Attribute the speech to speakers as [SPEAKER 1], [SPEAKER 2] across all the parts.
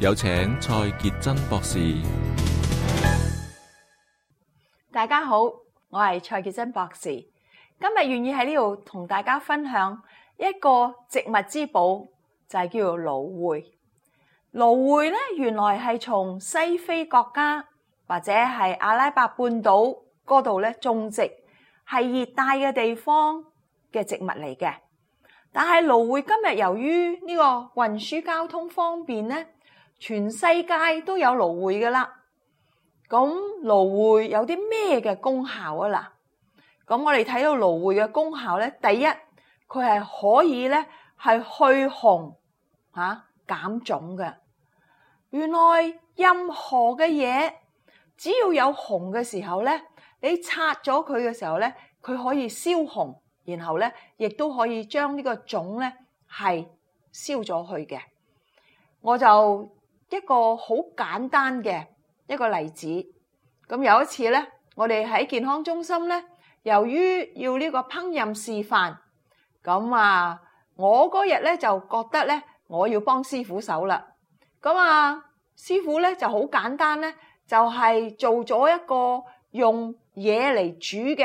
[SPEAKER 1] 有請蔡杰珍博士。
[SPEAKER 2] 大家好，我係蔡杰珍博士。今日願意喺呢度同大家分享一個植物之寶，就係叫做蘆薈。蘆薈咧，原來係從西非國家或者係阿拉伯半島嗰度咧種植，係熱帶嘅地方嘅植物嚟嘅。但係蘆薈今日由於呢個運輸交通方便咧。全世界都有蘆薈噶啦，咁蘆薈有啲咩嘅功效啊？嗱，咁我哋睇到蘆薈嘅功效咧，第一，佢係可以咧係去紅吓、啊、減腫嘅。原來任何嘅嘢，只要有紅嘅時候咧，你拆咗佢嘅時候咧，佢可以消紅，然後咧亦都可以將呢個腫咧係消咗去嘅。我就。一個好簡單嘅一個例子。咁有一次呢，我哋喺健康中心呢，由於要呢個烹飪示範咁啊，我嗰日呢，就覺得呢，我要幫師傅手啦。咁啊，師傅呢就好簡單呢，就係做咗一個用嘢嚟煮嘅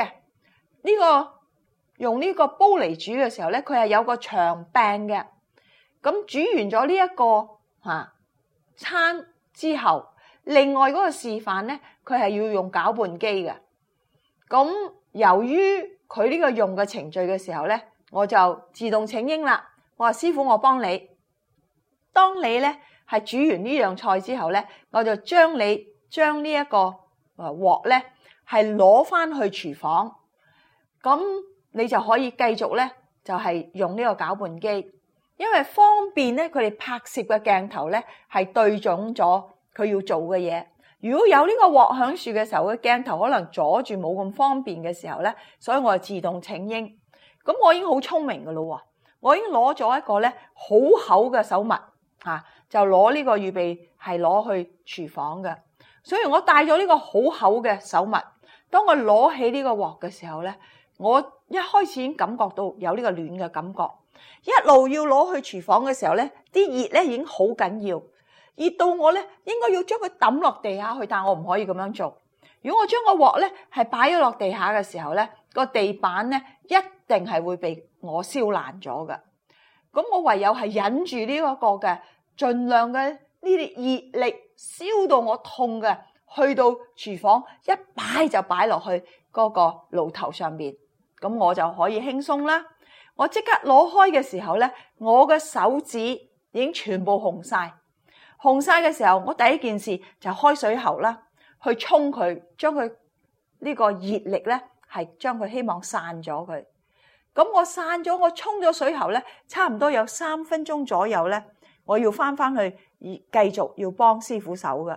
[SPEAKER 2] 呢個用呢個煲嚟煮嘅時候呢，佢係有個長柄嘅。咁煮完咗呢一個、啊餐之後，另外嗰個示範呢，佢係要用攪拌機嘅。咁由於佢呢個用嘅程序嘅時候呢，我就自動請纓啦。我話師傅，我幫你。當你呢係煮完呢樣菜之後呢，我就將你將呢一個鍋呢係攞翻去廚房。咁你就可以繼續呢，就係、是、用呢個攪拌機。因為方便咧，佢哋拍攝嘅鏡頭咧，係對準咗佢要做嘅嘢。如果有呢個鑊響樹嘅時候，個鏡頭可能阻住，冇咁方便嘅時候咧，所以我就自動請纓。咁我已經好聰明㗎喇，我已經攞咗一個咧，好厚嘅手襪啊，就攞呢個預備係攞去廚房嘅。所以我帶咗呢個好厚嘅手襪。當我攞起呢個鑊嘅時候咧，我一開始已經感覺到有呢個暖嘅感覺。一路要攞去廚房嘅時候呢，啲熱呢已經好緊要，熱到我呢應該要將佢抌落地下去，但我唔可以咁樣做。如果我將個鑊呢係擺咗落地下嘅時候呢，個地板呢一定係會被我燒爛咗嘅。咁我唯有係忍住呢一個嘅，盡量嘅呢啲熱力燒到我痛嘅，去到廚房一擺就擺落去嗰個爐頭上面，咁我就可以輕鬆啦。我即刻攞開嘅時候呢，我嘅手指已經全部紅晒。紅晒嘅時候，我第一件事就開水喉啦，去沖佢，將佢呢個熱力呢，係將佢希望散咗佢。咁我散咗，我沖咗水喉呢，差唔多有三分鐘左右呢，我要返返去繼續要幫師傅手嘅。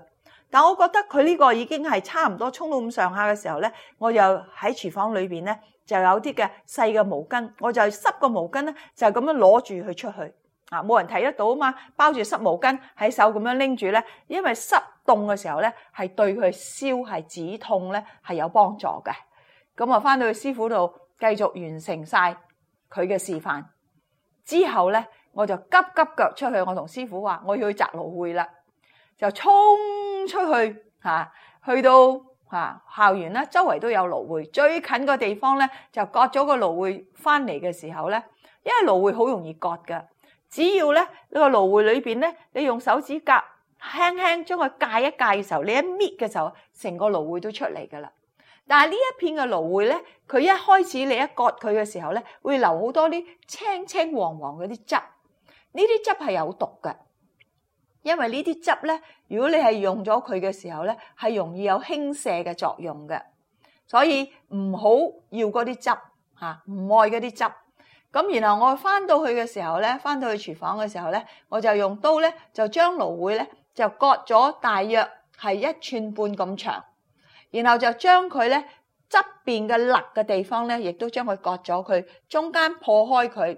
[SPEAKER 2] 但我覺得佢呢個已經係差唔多沖到咁上下嘅時候呢，我又喺廚房裏邊呢。就有啲嘅細嘅毛巾，我就濕個毛巾咧，就咁樣攞住佢出去，啊，冇人睇得到啊嘛，包住濕毛巾喺手咁樣拎住咧，因為濕凍嘅時候咧，係對佢燒係止痛咧係有幫助嘅。咁我，翻到去師傅度繼續完成曬佢嘅示範之後咧，我就急急腳出去，我同師傅話我要去摘蘆薈啦，就衝出去嚇，去到。嚇，校園咧，周圍都有蘆薈，最近個地方咧就割咗個蘆薈翻嚟嘅時候咧，因為蘆薈好容易割㗎，只要咧呢個蘆薈裏邊咧，你用手指甲輕輕將佢界一界嘅時候，你一搣嘅時候，成個蘆薈都出嚟㗎啦。但係呢一片嘅蘆薈咧，佢一開始你一割佢嘅時候咧，會流好多啲青青黃黃嗰啲汁，呢啲汁係有毒嘅。因為呢啲汁咧，如果你係用咗佢嘅時候咧，係容易有輕瀉嘅作用嘅，所以唔好要嗰啲汁，吓唔愛嗰啲汁。咁然後我翻到去嘅時候咧，翻到去廚房嘅時候咧，我就用刀咧就將蘆薈咧就割咗大約係一寸半咁長，然後就將佢咧側邊嘅肋嘅地方咧，亦都將佢割咗佢中間破開佢。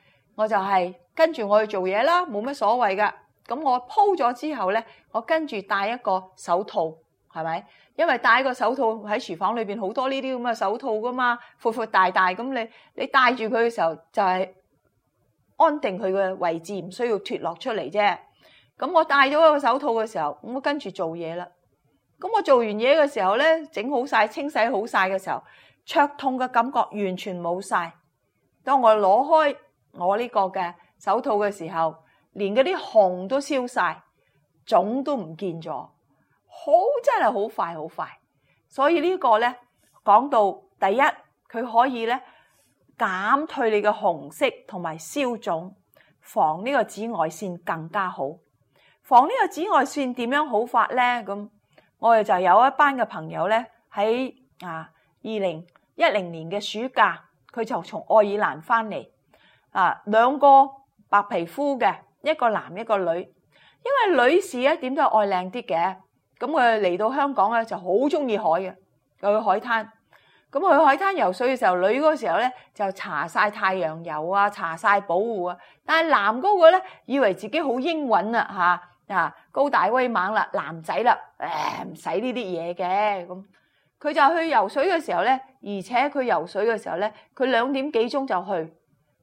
[SPEAKER 2] 我就係跟住我去做嘢啦，冇乜所謂噶。咁我鋪咗之後呢，我跟住戴一個手套，係咪？因為戴一個手套喺廚房裏邊好多呢啲咁嘅手套噶嘛，闊闊大大咁，你你戴住佢嘅時候就係安定佢嘅位置，唔需要脫落出嚟啫。咁我戴咗一個手套嘅時候，咁我跟住做嘢啦。咁我做完嘢嘅時候呢，整好晒，清洗好晒嘅時候，灼痛嘅感覺完全冇晒。當我攞開我呢個嘅手套嘅時候，連嗰啲紅都消晒，腫都唔見咗，好，真係好快好快。所以呢個呢，講到第一，佢可以呢，減退你嘅紅色同埋消腫，防呢個紫外線更加好。防呢個紫外線點樣好法呢？咁我哋就有一班嘅朋友呢，喺啊二零一零年嘅暑假，佢就從愛爾蘭翻嚟。啊，兩個白皮膚嘅，一個男一個女。因為女士咧，點都愛靚啲嘅。咁佢嚟到香港咧，就好中意海嘅，又去海灘。咁去海灘游水嘅時候，女嗰個時候咧就搽晒太陽油啊，搽晒保護啊。但係男嗰個咧，以為自己好英允啦，吓啊，高大威猛啦，男仔啦，誒唔使呢啲嘢嘅咁。佢就去游水嘅時候咧，而且佢游水嘅時候咧，佢兩點幾鐘就去。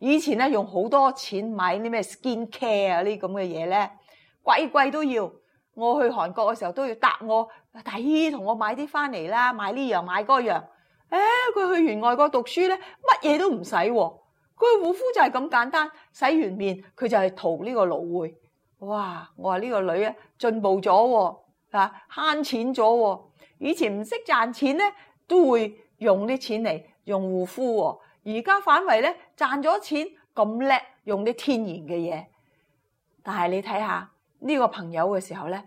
[SPEAKER 2] 以前咧用好多錢買啲咩 skin care 啊呢咁嘅嘢咧，鬼貴都要。我去韓國嘅時候都要搭我大姨同我買啲翻嚟啦，買呢樣買嗰樣。誒，佢、哎、去完外國讀書咧，乜嘢都唔使喎。佢護膚就係咁簡單，洗完面佢就係塗呢個蘆薈。哇！我話呢個女啊進步咗喎，啊慳錢咗喎。以前唔識賺錢咧，都會用啲錢嚟用護膚喎。而家反為咧賺咗錢咁叻，用啲天然嘅嘢。但係你睇下呢個朋友嘅時候咧，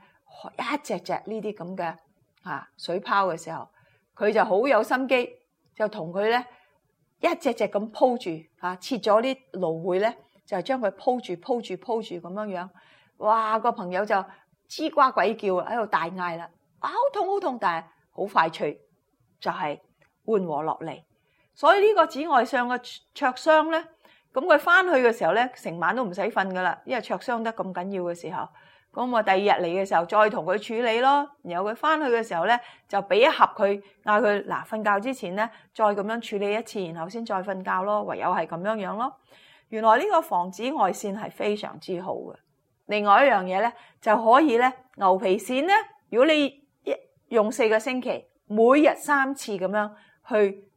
[SPEAKER 2] 一隻隻呢啲咁嘅啊水泡嘅時候，佢就好有心機，就同佢咧一隻隻咁鋪住啊，切咗啲蘆薈咧，就將佢鋪住鋪住鋪住咁樣樣。哇！個朋友就吱呱鬼叫喺度大嗌啦，啊好痛好痛，但係好快脆，就係緩和落嚟。所以呢個紫外線嘅灼傷咧，咁佢翻去嘅時候咧，成晚都唔使瞓噶啦，因為灼傷得咁緊要嘅時候，咁我第二日嚟嘅時候再同佢處理咯，然後佢翻去嘅時候咧就俾一盒佢，嗌佢嗱瞓覺之前咧再咁樣處理一次，然後先再瞓覺咯，唯有係咁樣樣咯。原來呢個防紫外線係非常之好嘅。另外一樣嘢咧就可以咧牛皮癬咧，如果你一用四個星期，每日三次咁樣去。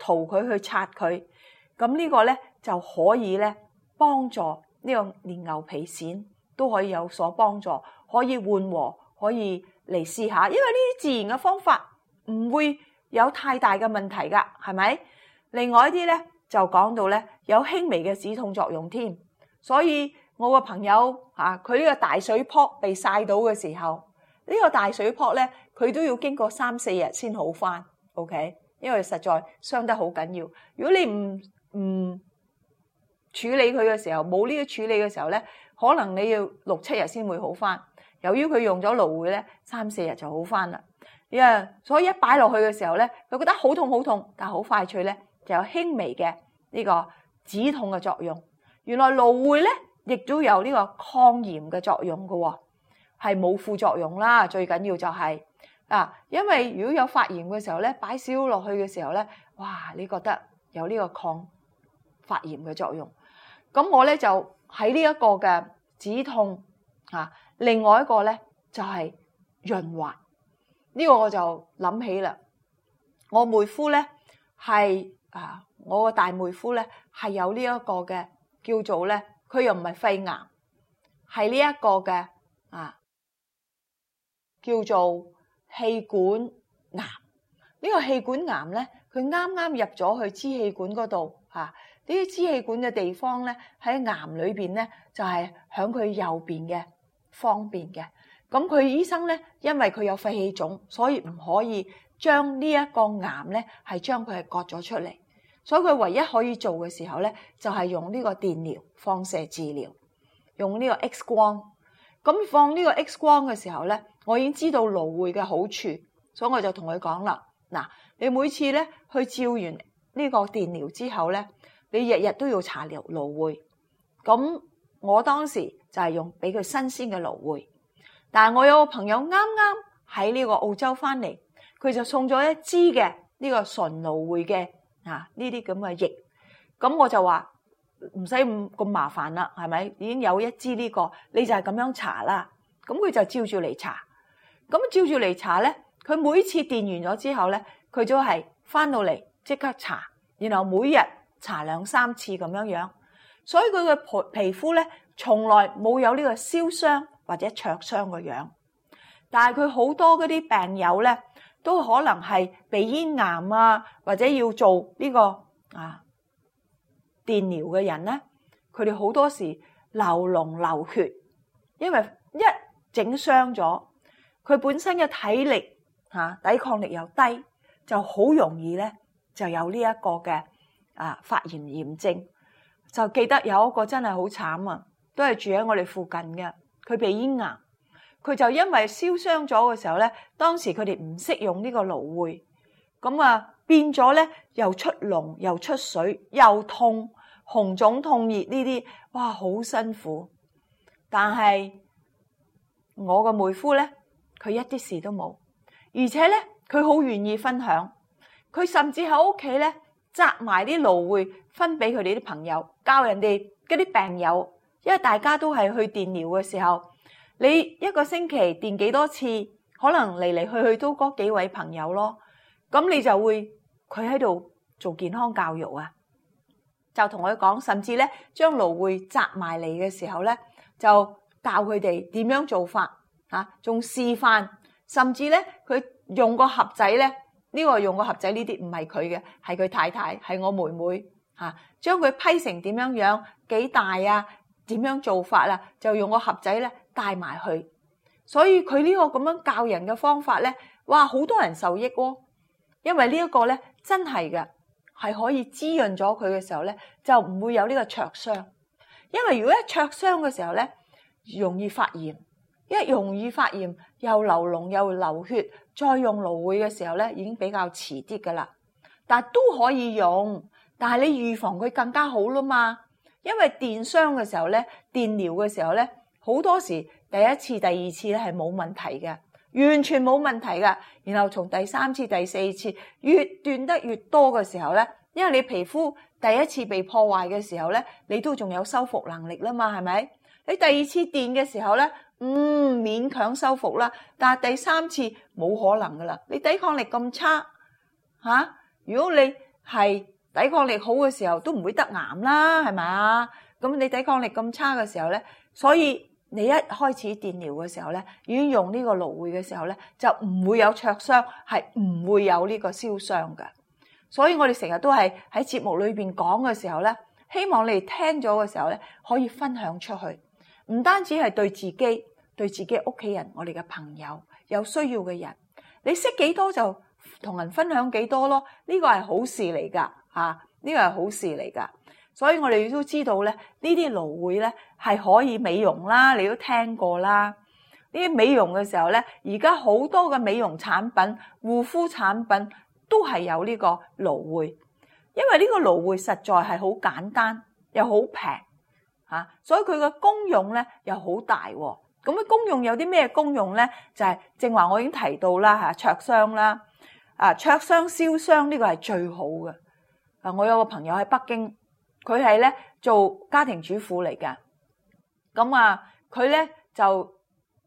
[SPEAKER 2] 塗佢去擦佢，咁呢個呢就可以呢幫助呢個連牛皮癬都可以有所幫助，可以緩和，可以嚟試下。因為呢啲自然嘅方法唔會有太大嘅問題㗎，係咪？另外一啲呢就講到呢有輕微嘅止痛作用添，所以我個朋友啊，佢呢個大水泡被曬到嘅時候，呢個大水泡呢，佢都要經過三四日先好翻，OK。因為實在傷得好緊要，如果你唔唔處理佢嘅時候，冇呢個處理嘅時候咧，可能你要六七日先會好返。由於佢用咗蘆薈咧，三四日就好返啦。所以一擺落去嘅時候咧，佢覺得好痛好痛，但係好快脆咧就有輕微嘅呢個止痛嘅作用。原來蘆薈咧亦都有呢個抗炎嘅作用㗎喎，係冇副作用啦。最緊要就係。啊，因為如果有發炎嘅時候咧，擺少落去嘅時候咧，哇，你覺得有呢個抗發炎嘅作用。咁我咧就喺呢一個嘅止痛啊，另外一個咧就係潤滑。呢個我就諗起啦，我妹夫咧係啊，我個大妹夫咧係有呢一個嘅叫做咧，佢又唔係肺癌，係呢一個嘅啊叫做。氣管癌呢個氣管癌咧，佢啱啱入咗去支氣管嗰度嚇。呢啲支氣管嘅地方咧，喺癌裏邊咧，就係響佢右邊嘅方便嘅。咁佢醫生咧，因為佢有肺氣腫，所以唔可以將呢一個癌咧，係將佢係割咗出嚟。所以佢唯一可以做嘅時候咧，就係用呢個電療、放射治療，用呢個 X 光。咁放呢個 X 光嘅時候咧。我已經知道蘆薈嘅好處，所以我就同佢講啦。嗱，你每次咧去照完呢個電療之後咧，你日日都要搽蘆蘆薈。咁我當時就係用俾佢新鮮嘅蘆薈。但係我有個朋友啱啱喺呢個澳洲翻嚟，佢就送咗一支嘅呢個純蘆薈嘅啊呢啲咁嘅液。咁我就話唔使咁麻煩啦，係咪？已經有一支呢個，你就係咁樣搽啦。咁佢就照住嚟搽。咁照住嚟查咧，佢每次電完咗之後咧，佢都係翻到嚟即刻查，然後每日搽兩三次咁樣樣。所以佢嘅皮膚咧，從來冇有呢個燒傷或者灼傷嘅樣。但係佢好多嗰啲病友咧，都可能係鼻咽癌啊，或者要做呢個啊電療嘅人咧，佢哋好多時流膿流血，因為一整傷咗。佢本身嘅體力、啊、抵抗力又低，就好容易咧就有呢一個嘅啊發炎炎症。就記得有一個真係好慘啊，都係住喺我哋附近嘅，佢鼻咽癌，佢就因為燒傷咗嘅時候咧，當時佢哋唔識用個蘆薈、啊、呢個蘆薈，咁啊變咗咧又出膿又出水又痛紅腫痛熱呢啲，哇好辛苦！但係我個妹夫咧。佢一啲事都冇，而且咧佢好願意分享，佢甚至喺屋企咧摘埋啲蘆薈分俾佢哋啲朋友，教人哋嗰啲病友，因為大家都係去電療嘅時候，你一個星期電幾多次，可能嚟嚟去去都嗰幾位朋友咯，咁你就會佢喺度做健康教育啊，就同佢講，甚至咧將蘆薈摘埋嚟嘅時候咧，就教佢哋點樣做法。嚇，仲示範甚至咧，佢用個盒仔咧，呢、這個用個盒仔呢啲唔係佢嘅，係佢太太，係我妹妹嚇，將、啊、佢批成點樣樣，幾大啊，點樣做法呀、啊，就用個盒仔咧帶埋去。所以佢呢個咁樣教人嘅方法咧，哇，好多人受益喎、哦，因為呢一個咧真係嘅，係可以滋潤咗佢嘅時候咧，就唔會有呢個灼傷，因為如果一灼傷嘅時候咧，容易發炎。一容易發炎，又流膿又流血，再用蘆薈嘅時候咧，已經比較遲啲㗎喇。但都可以用，但係你預防佢更加好啦嘛。因為電傷嘅時候咧，電療嘅時候咧，好多時第一次、第二次咧係冇問題嘅，完全冇問題㗎。然後從第三次、第四次越斷得越多嘅時候咧，因為你皮膚第一次被破壞嘅時候咧，你都仲有修復能力啦嘛，係咪？你第二次電嘅時候咧，嗯，勉強修復啦。但係第三次冇可能噶啦，你抵抗力咁差嚇、啊。如果你係抵抗力好嘅時候，都唔會得癌啦，係咪啊？咁你抵抗力咁差嘅時候咧，所以你一開始電療嘅時候咧，已經用呢個蘆薈嘅時候咧，就唔會有灼傷，係唔會有呢個燒傷㗎。所以我哋成日都係喺節目裏面講嘅時候咧，希望你哋聽咗嘅時候咧，可以分享出去。唔單止係對自己，對自己屋企人，我哋嘅朋友有需要嘅人，你識幾多就同人分享幾多咯。呢、這個係好事嚟㗎，嚇、啊，呢、這個係好事嚟㗎。所以我哋都知道咧，呢啲蘆薈咧係可以美容啦，你都聽過啦。呢啲美容嘅時候咧，而家好多嘅美容產品、護膚產品都係有呢個蘆薈，因為呢個蘆薈實在係好簡單又好平。嚇，所以佢嘅功用咧又好大喎。咁嘅功用有啲咩功用咧？就係正話我已經提到啦嚇，灼傷啦，啊灼傷燒傷呢個係最好嘅。嗱，我有個朋友喺北京，佢係咧做家庭主婦嚟㗎。咁啊，佢咧就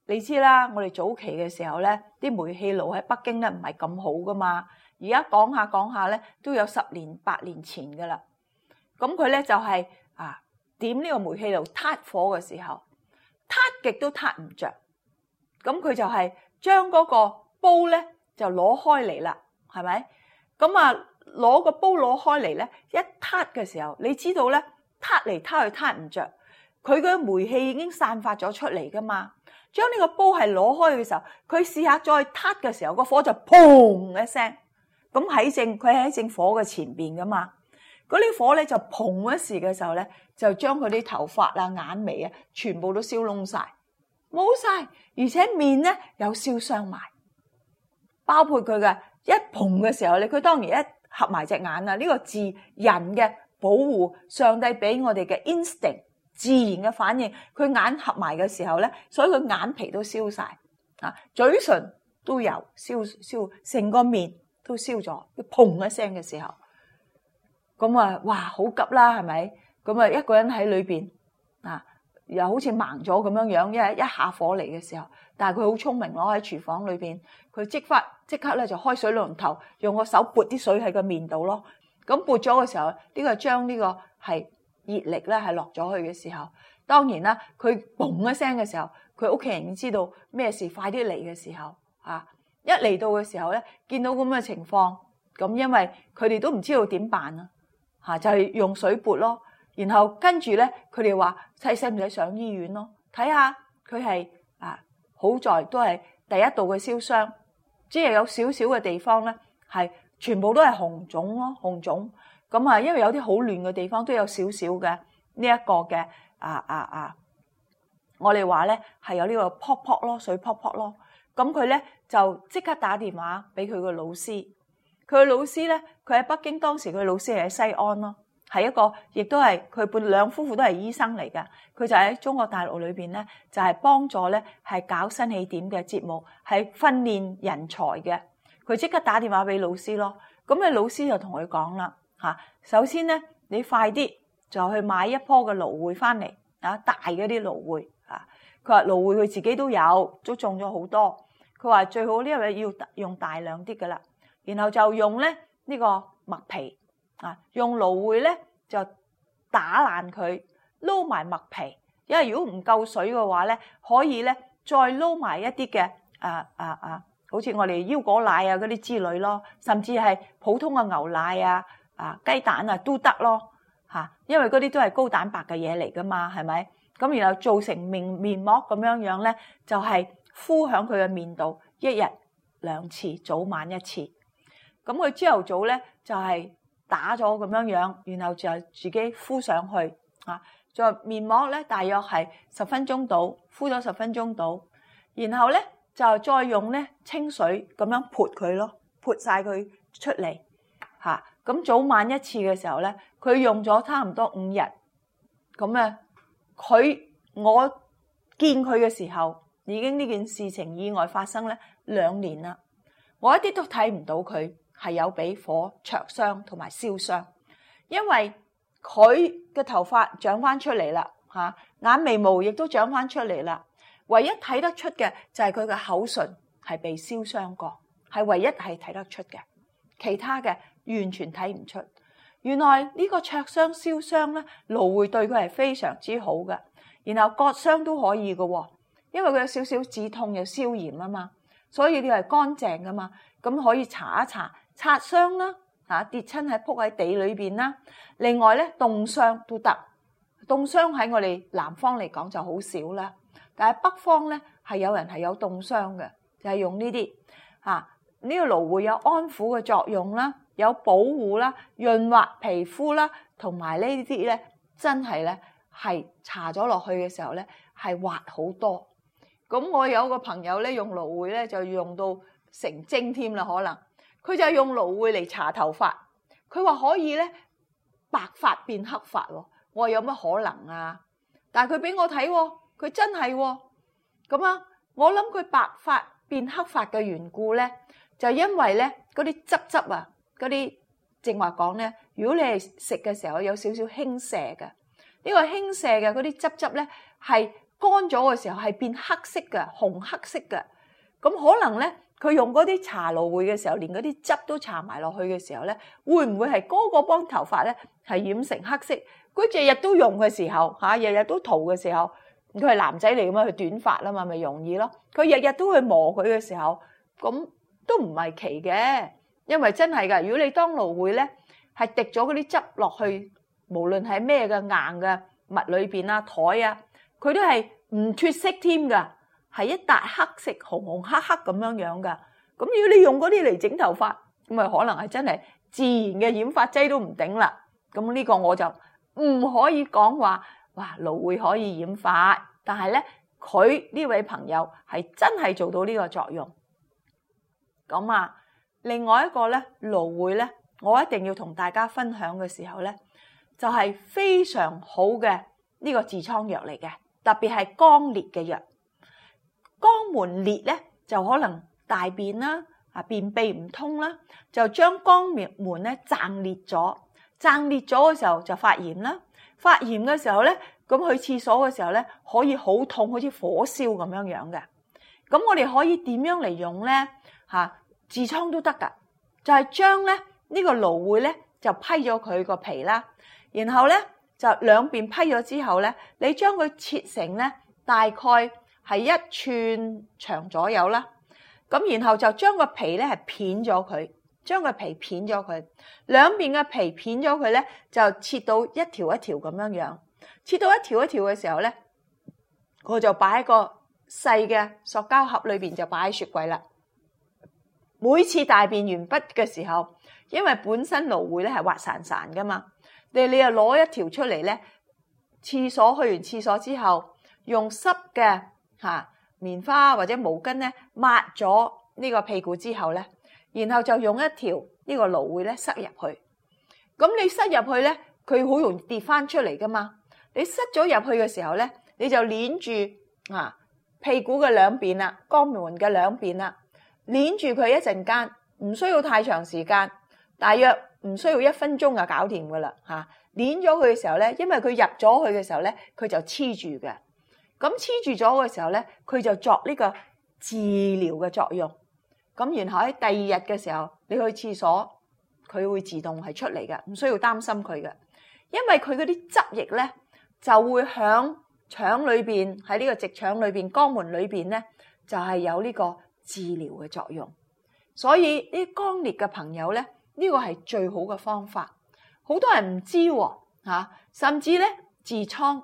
[SPEAKER 2] 你知啦，我哋早期嘅時候咧，啲煤氣爐喺北京咧唔係咁好噶嘛。而家講下講下咧，都有十年八年前噶啦。咁佢咧就係啊～點呢個煤氣爐撻火嘅時候，撻極都撻唔着，咁佢就係將嗰個煲咧就攞開嚟啦，係咪？咁啊，攞個煲攞開嚟咧，一撻嘅時候，你知道咧，撻嚟撻去撻唔着，佢嘅煤氣已經散發咗出嚟噶嘛。將呢個煲係攞開嘅時候，佢試下再撻嘅時候，個火就砰一聲，咁喺正佢喺正火嘅前邊噶嘛。嗰啲火咧就蓬一時嘅時候咧，就將佢啲頭髮呀、眼眉啊，全部都燒窿曬，冇晒，而且面咧有燒傷埋，包括佢嘅一蓬嘅時候咧，佢當然一合埋隻眼啊！呢個係人嘅保護，上帝俾我哋嘅 instinct 自然嘅反應，佢眼合埋嘅時候咧，所以佢眼皮都燒曬，啊，嘴唇都有燒燒，成個面都燒咗，佢嘭一聲嘅時候。咁啊，哇，好急啦，係咪？咁啊，一個人喺裏邊啊，又好似盲咗咁樣樣，因為一一下火嚟嘅時候，但係佢好聰明咯，喺廚房裏邊，佢即刻即刻咧就開水龍頭，用個手撥啲水喺個面度咯。咁撥咗嘅時候，呢、呢個將呢個係熱力咧係落咗去嘅時候，當然啦，佢嘣一聲嘅時候，佢屋企人知道咩事，快啲嚟嘅時候，啊，一嚟到嘅時候咧，見到咁嘅情況，咁因為佢哋都唔知道點辦啊。嚇、啊、就係、是、用水撥咯，然後跟住咧，佢哋話使唔使上醫院咯，睇下佢係啊，好在都係第一度嘅燒傷，即、就、係、是、有少少嘅地方咧，係全部都係紅腫咯，紅腫。咁、嗯、啊、嗯，因為有啲好亂嘅地方都有少少嘅呢一個嘅啊啊啊，我哋話咧係有呢個泡泡咯，水泡泡咯。咁佢咧就即刻打電話俾佢個老師。佢嘅老師咧，佢喺北京，當時佢老師係喺西安咯，係一個，亦都係佢伴兩夫婦都係醫生嚟嘅。佢就喺中國大陸裏邊咧，就係、是、幫助咧係搞新起點嘅節目，係訓練人才嘅。佢即刻打電話俾老師咯。咁你老師就同佢講啦嚇，首先咧你快啲就去買一樖嘅蘆薈翻嚟啊，大嗰啲蘆薈啊。佢話蘆薈佢自己都有，都種咗好多。佢話最好呢位要用大量啲噶啦。然後就用咧呢個麥皮啊，用蘆薈咧就打爛佢撈埋麥皮，因為如果唔夠水嘅話咧，可以咧再撈埋一啲嘅啊啊啊，好似我哋腰果奶啊嗰啲之類咯，甚至係普通嘅牛奶啊啊、雞蛋啊都得咯吓，因為嗰啲都係高蛋白嘅嘢嚟噶嘛，係咪？咁然後做成面面膜咁樣樣咧，就係敷響佢嘅面度，一日兩次，早晚一次。咁佢朝頭早咧就係、是、打咗咁樣樣，然後就自己敷上去啊。就面膜咧，大約係十分鐘度，敷咗十分鐘度，然後咧就再用咧清水咁樣潑佢咯，潑晒佢出嚟吓。咁、啊啊、早晚一次嘅時候咧，佢用咗差唔多五日咁啊。佢我見佢嘅時候，已經呢件事情意外發生咧兩年啦。我一啲都睇唔到佢。係有俾火灼傷同埋燒傷，因為佢嘅頭髮長翻出嚟啦，吓眼眉毛亦都長翻出嚟啦，唯一睇得出嘅就係佢嘅口唇係被燒傷過，係唯一係睇得出嘅，其他嘅完全睇唔出。原來這個傷燒傷呢個灼傷燒傷咧，蘆薈對佢係非常之好嘅，然後割傷都可以嘅，因為佢有少少止痛又消炎啊嘛，所以你係乾淨噶嘛，咁可以搽一搽。擦傷啦，嚇跌親喺仆喺地裏邊啦。另外咧，凍傷都得，凍傷喺我哋南方嚟講就好少啦。但係北方咧係有人係有凍傷嘅，就係用呢啲嚇呢個蘆薈有安撫嘅作用啦，有保護啦，潤滑皮膚啦，同埋呢啲咧真係咧係搽咗落去嘅時候咧係滑好多。咁我有個朋友咧用蘆薈咧就用到成精添啦，可能。佢就係用蘆薈嚟搽頭髮，佢話可以咧白髮變黑髮喎，我話有乜可能啊？但係佢俾我睇，佢真係喎。咁啊，我諗佢白髮變黑髮嘅緣故咧，就係因為咧嗰啲汁汁啊，嗰啲正話講咧，如果你係食嘅時候有少少輕瀉嘅，呢個輕瀉嘅嗰啲汁汁咧係乾咗嘅時候係變黑色嘅，紅黑色嘅，咁可能咧。佢用嗰啲茶蘆薈嘅時候，連嗰啲汁都搽埋落去嘅時候咧，會唔會係嗰個幫頭髮咧係染成黑色？佢日日都用嘅時候，嚇日日都塗嘅時候，佢係男仔嚟咁樣，佢短髮啊嘛，咪容易咯。佢日日都去磨佢嘅時候，咁都唔係奇嘅，因為真係噶。如果你當蘆薈咧，係滴咗嗰啲汁落去，無論係咩嘅硬嘅物裏邊啊、台啊，佢都係唔脫色添㗎。係一笪黑色，紅紅黑黑咁樣樣噶。咁如果你用嗰啲嚟整頭髮，咁咪可能係真係自然嘅染髮劑都唔頂啦。咁呢個我就唔可以講話，哇！蘆薈可以染髮，但係咧，佢呢位朋友係真係做到呢個作用。咁啊，另外一個咧，蘆薈咧，我一定要同大家分享嘅時候咧，就係非常好嘅呢個痔瘡藥嚟嘅，特別係肛裂嘅藥。肛門裂，咧就可能大便啦，啊便秘唔通啦，就將肛門咧掙裂咗，掙裂咗嘅時候就發炎啦，發炎嘅時候咧，咁去廁所嘅時候咧可以好痛，好似火燒咁樣樣嘅。咁我哋可以點樣嚟用咧？吓痔瘡都得噶，就係將咧呢個蘆薈咧就批咗佢個皮啦，然後咧就兩邊批咗之後咧，你將佢切成咧大概。係一寸長左右啦，咁然後就將個皮咧係片咗佢，將個皮片咗佢，兩邊嘅皮片咗佢咧就切到一條一條咁樣樣，切到一條一條嘅時候咧，佢就擺喺個細嘅塑膠盒裏邊，就擺喺雪櫃啦。每次大便完畢嘅時候，因為本身蘆薈咧係滑潺潺噶嘛，你你又攞一條出嚟咧，廁所去完廁所之後用濕嘅。吓，棉花或者毛巾咧，抹咗呢個屁股之後咧，然後就用一條呢個蘆薈咧塞入去。咁你塞入去咧，佢好容易跌翻出嚟噶嘛。你塞咗入去嘅時候咧，你就捻住啊屁股嘅兩邊啦，肛門嘅兩邊啦，捻住佢一陣間，唔需要太長時間，大約唔需要一分鐘就搞掂噶啦。吓，啊，捻咗佢嘅時候咧，因為佢入咗去嘅時候咧，佢就黐住嘅。咁黐住咗嘅時候咧，佢就作呢個治療嘅作用。咁然後喺第二日嘅時候，你去廁所，佢會自動係出嚟嘅，唔需要擔心佢嘅。因為佢嗰啲汁液咧，就會響腸裏邊，喺呢個直腸裏邊、肛門裏邊咧，就係有呢個治療嘅作用。所以呢啲肛裂嘅朋友咧，呢個係最好嘅方法。好多人唔知喎，嚇，甚至咧痔瘡。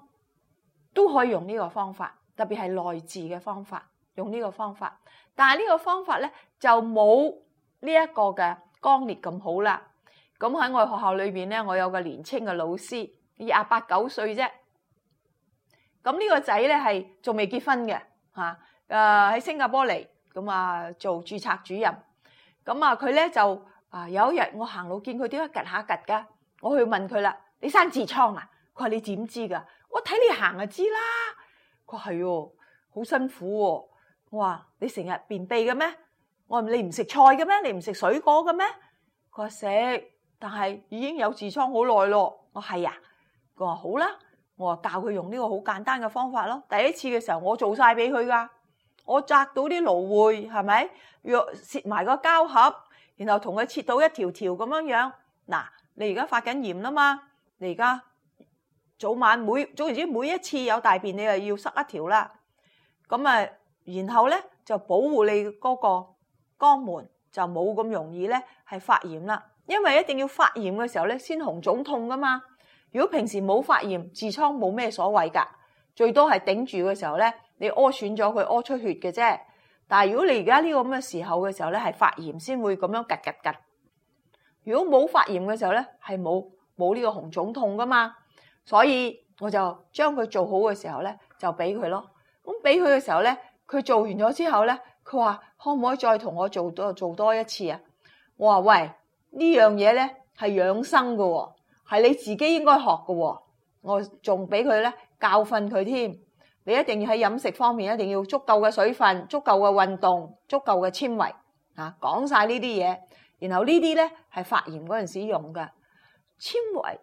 [SPEAKER 2] 都可以用呢個方法，特別係內治嘅方法，用呢個方法。但係呢個方法咧就冇呢一個嘅光烈咁好啦。咁喺我學校裏邊咧，我有個年青嘅老師，廿八九歲啫。咁呢個仔咧係仲未結婚嘅，嚇，誒喺新加坡嚟，咁啊做註冊主任。咁啊佢咧就，啊有一日我行路見佢點解趌下趌噶，我去問佢啦，你生痔瘡啊？佢話你點知噶？我睇你行就知啦。佢係喎，好辛苦喎，哦。我話你成日便秘嘅咩？我話你唔食菜嘅咩？你唔食水果嘅咩？佢話食，但係已經有痔瘡好耐咯。我係啊。佢話好啦，我話教佢用呢個好簡單嘅方法咯。第一次嘅時候我做晒俾佢噶，我摘到啲蘆薈係咪？要切埋個膠盒，然後同佢切到一條條咁樣樣。嗱，你而家發緊炎吖嘛？你而家。早晚每總言之，每一次有大便，你又要塞一條啦。咁啊，然後咧就保護你嗰個肛門，就冇咁容易咧係發炎啦。因為一定要發炎嘅時候咧先紅腫痛㗎嘛。如果平時冇發炎，痔瘡冇咩所謂㗎，最多係頂住嘅時候咧，你屙損咗佢屙出血嘅啫。但係如果你而家呢個咁嘅時候嘅時候咧係發炎先會咁樣㗎㗎㗎。如果冇發炎嘅時候咧係冇冇呢個紅腫痛㗎嘛。所以我就將佢做好嘅時候呢，就俾佢咯。咁俾佢嘅時候呢，佢做完咗之後呢，佢話可唔可以再同我做多做多一次啊？我話喂，呢樣嘢呢係養生㗎喎，係你自己應該學嘅喎。我仲俾佢呢教訓佢添，你一定要喺飲食方面一定要足夠嘅水分、足夠嘅運動、足夠嘅纖維嚇，講晒呢啲嘢。然後呢啲呢係發炎嗰陣時用嘅纖維，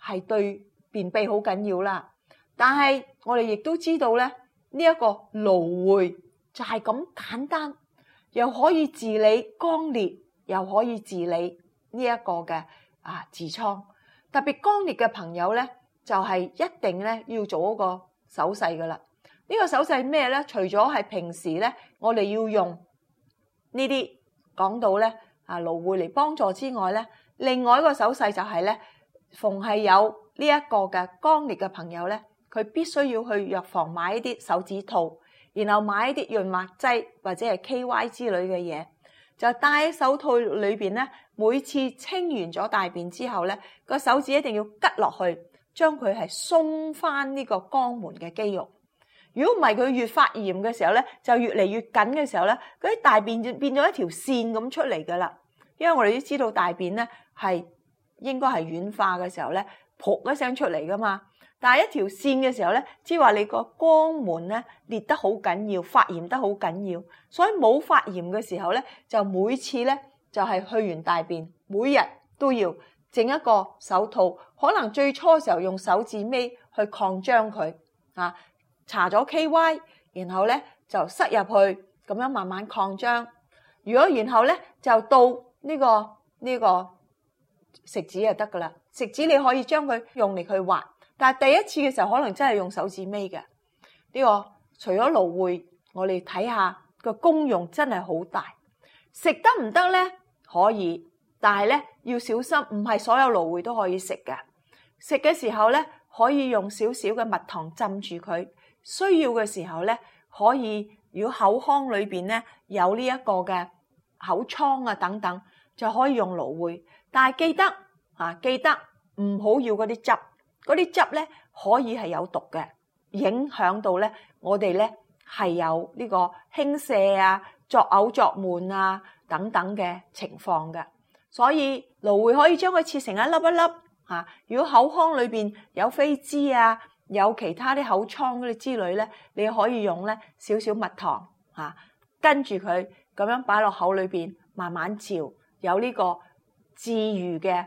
[SPEAKER 2] 係對。便秘好緊要啦，但係我哋亦都知道咧，呢一個蘆薈就係咁簡單，又可以治理肛裂，又可以治理呢一個嘅啊痔瘡。特別肛裂嘅朋友咧，就係一定咧要做一個手勢㗎啦。呢個手勢咩咧？除咗係平時咧，我哋要用呢啲講到咧啊蘆薈嚟幫助之外咧，另外一個手勢就係咧，逢係有。呢、這、一個嘅肛裂嘅朋友咧，佢必須要去藥房買一啲手指套，然後買一啲潤滑劑或者係 K Y 之類嘅嘢，就戴喺手套裏面咧。每次清完咗大便之後咧，個手指一定要拮落去，將佢係鬆返呢個肛門嘅肌肉。如果唔係，佢越發炎嘅時候咧，就越嚟越緊嘅時候咧，佢啲大便就變咗一條線咁出嚟㗎啦。因為我哋都知道大便咧係應該係軟化嘅時候咧。噗一聲出嚟噶嘛，但係一條線嘅時候咧，即係話你個肛門咧裂得好緊要，發炎得好緊要，所以冇發炎嘅時候咧，就每次咧就係去完大便，每日都要整一個手套，可能最初嘅時候用手指尾去擴張佢啊，搽咗 KY，然後咧就塞入去，咁樣慢慢擴張。如果然後咧就到呢個呢個食指就得噶啦。食指你可以將佢用力去滑，但係第一次嘅時候可能真係用手指尾嘅。呢個。除咗蘆薈，我哋睇下個功用真係好大。食得唔得呢？可以，但係咧要小心，唔係所有蘆薈都可以食嘅。食嘅時候咧可以用少少嘅蜜糖浸住佢，需要嘅時候咧可以如果口腔裏面咧有呢一個嘅口瘡啊等等就可以用蘆薈。但係記得。啊！記得唔好要嗰啲汁，嗰啲汁咧可以係有毒嘅，影響到咧我哋咧係有呢個輕瀉啊、作嘔、作悶啊等等嘅情況嘅。所以蘆薈可以將佢切成一粒一粒啊。如果口腔裏邊有飛滋啊、有其他啲口瘡嗰啲之類咧，你可以用咧少少蜜糖啊，跟住佢咁樣擺落口裏邊，慢慢嚼，有呢個治癒嘅。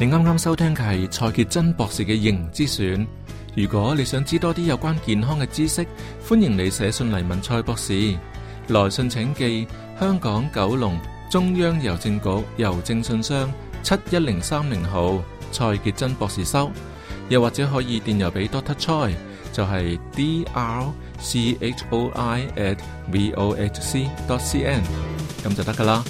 [SPEAKER 1] 你啱啱收聽嘅係蔡潔貞博士嘅營之選。如果你想知多啲有關健康嘅知識，歡迎你寫信嚟問蔡博士。來信請寄香港九龍中央郵政局郵政信箱七一零三零號蔡潔真博士收。又或者可以電郵俾 Dr. Choi，就係 d r c h o i at v o h c dot c n，咁就得噶啦。